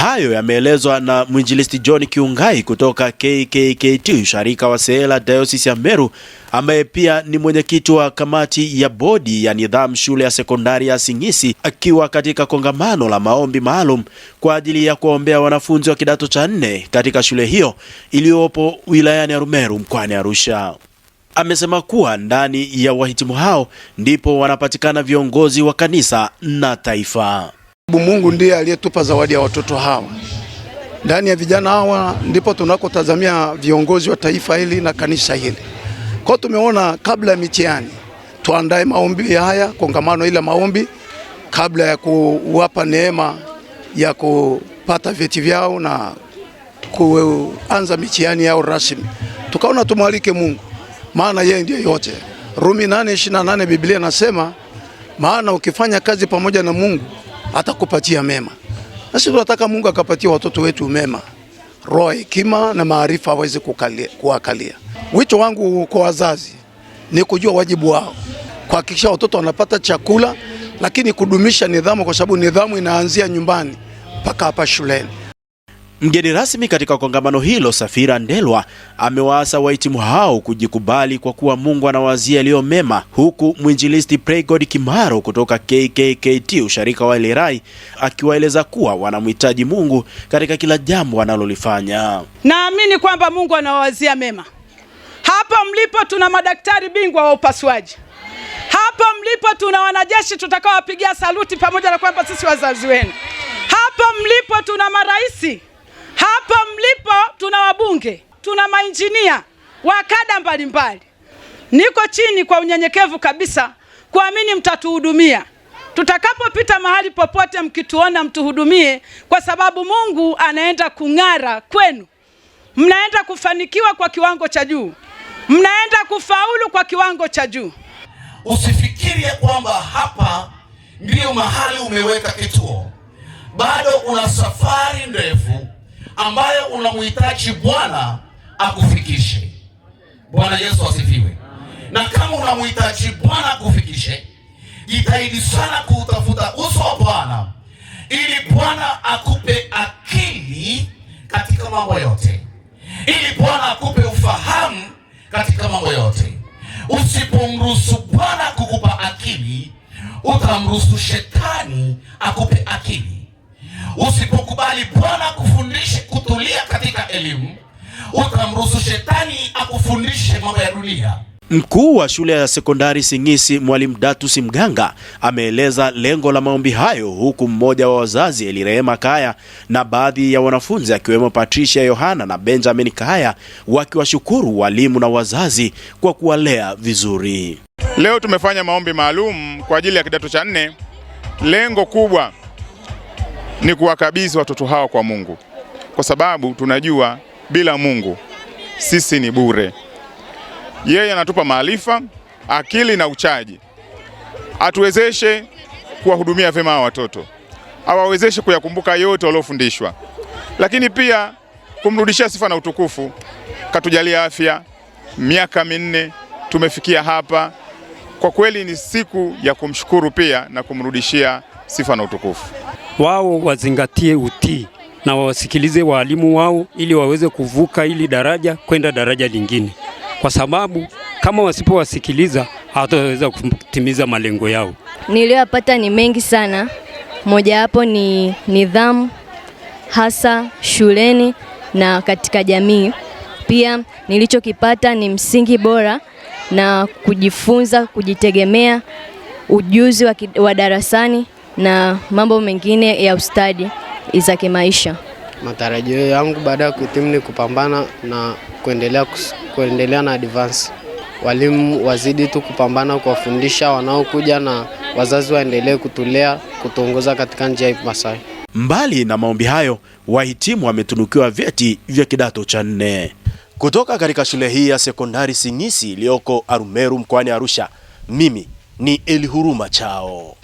Hayo yameelezwa na mwinjilisti John Kiungai kutoka KKKT usharika wa sehela Diocese ya Meru, ambaye pia ni mwenyekiti wa kamati ya bodi ya nidhamu shule ya sekondari ya Sing'isi, akiwa katika kongamano la maombi maalum kwa ajili ya kuwaombea wanafunzi wa kidato cha nne katika shule hiyo iliyopo wilayani ya rumeru mkoani Arusha. Amesema kuwa ndani ya wahitimu hao ndipo wanapatikana viongozi wa kanisa na taifa. Mungu ndiye aliyetupa zawadi ya watoto hawa. Ndani ya vijana hawa ndipo tunakotazamia viongozi wa taifa hili na kanisa hili. Kwa tumeona kabla ya mitihani tuandae maombi haya, kongamano ile maombi kabla ya kuwapa neema ya kupata vyeti vyao na kuanza mitihani yao rasmi. Tukaona tumwalike Mungu, maana yeye ndiye yote. Rumi 8:28 Biblia nasema, maana ukifanya kazi pamoja na Mungu atakupatia mema, na sisi tunataka Mungu akapatia watoto wetu mema, roho hekima na maarifa aweze kuwakalia. Wito wangu kwa wazazi ni kujua wajibu wao, kuhakikisha watoto wanapata chakula, lakini kudumisha nidhamu, kwa sababu nidhamu inaanzia nyumbani mpaka hapa shuleni. Mgeni rasmi katika kongamano hilo, Safira Ndelwa amewaasa wahitimu hao kujikubali kwa kuwa Mungu anawazia yaliyo mema, huku mwinjilisti Praygod Kimaro kutoka KKKT usharika wa Elerai akiwaeleza kuwa wanamhitaji Mungu katika kila jambo wanalolifanya. Naamini kwamba Mungu anawazia mema. Hapa mlipo tuna madaktari bingwa wa upasuaji, hapa mlipo tuna wanajeshi tutakaowapigia saluti, pamoja na kwamba sisi wazazi wenu, hapa mlipo tuna maraisi nilipo tuna wabunge, tuna mainjinia wa kada mbalimbali. Niko chini kwa unyenyekevu kabisa kuamini mtatuhudumia. Tutakapopita mahali popote, mkituona mtuhudumie, kwa sababu Mungu anaenda kung'ara kwenu. Mnaenda kufanikiwa kwa kiwango cha juu, mnaenda kufaulu kwa kiwango cha juu. Usifikirie kwamba hapa ndiyo mahali umeweka kituo, bado una safari ndefu ambayo unamhitaji Bwana akufikishe. Bwana Yesu asifiwe. Na kama unamhitaji Bwana akufikishe, jitahidi sana kuutafuta uso wa Bwana ili Bwana akupe akili katika mambo yote, ili Bwana akupe ufahamu katika mambo yote. Usipomruhusu Bwana kukupa akili, utamruhusu shetani akupe akili. Usipokubali Bwana akufundishe kutulia katika elimu, utamruhusu shetani akufundishe mambo ya dunia. Mkuu wa shule ya sekondari Sing'isi Mwalimu Datus Mganga ameeleza lengo la maombi hayo, huku mmoja wa wazazi Elirehema Kaya na baadhi ya wanafunzi akiwemo Patricia Yohana na Benjamin Kaya wakiwashukuru walimu na wazazi kwa kuwalea vizuri. Leo tumefanya maombi maalum kwa ajili ya kidato cha nne, lengo kubwa ni kuwakabidhi watoto hawa kwa Mungu, kwa sababu tunajua bila Mungu sisi ni bure. Yeye anatupa maarifa, akili na uchaji, atuwezeshe kuwahudumia vyema hawa watoto, awawezeshe kuyakumbuka yote waliofundishwa, lakini pia kumrudishia sifa na utukufu. Katujalia afya, miaka minne tumefikia hapa. Kwa kweli ni siku ya kumshukuru pia na kumrudishia sifa na utukufu wao wazingatie utii na wawasikilize waalimu wao, ili waweze kuvuka hili daraja kwenda daraja lingine, kwa sababu kama wasipowasikiliza hawataweza kutimiza malengo yao. Niliyopata ni mengi sana, mojawapo ni nidhamu, hasa shuleni na katika jamii. Pia nilichokipata ni msingi bora na kujifunza kujitegemea, ujuzi wa, wa darasani na mambo mengine ya ustadi za kimaisha. Matarajio yangu baada ya kuhitimu ni kupambana na kuendelea, kuendelea na advance. Walimu wazidi tu kupambana kuwafundisha wanaokuja na wazazi waendelee kutulea, kutuongoza katika njia ipasayo. Mbali na maombi hayo, wahitimu wametunukiwa vyeti vya kidato cha nne kutoka katika shule hii ya sekondari Sing'isi iliyoko Arumeru mkoani Arusha. Mimi ni Elihuruma Chao.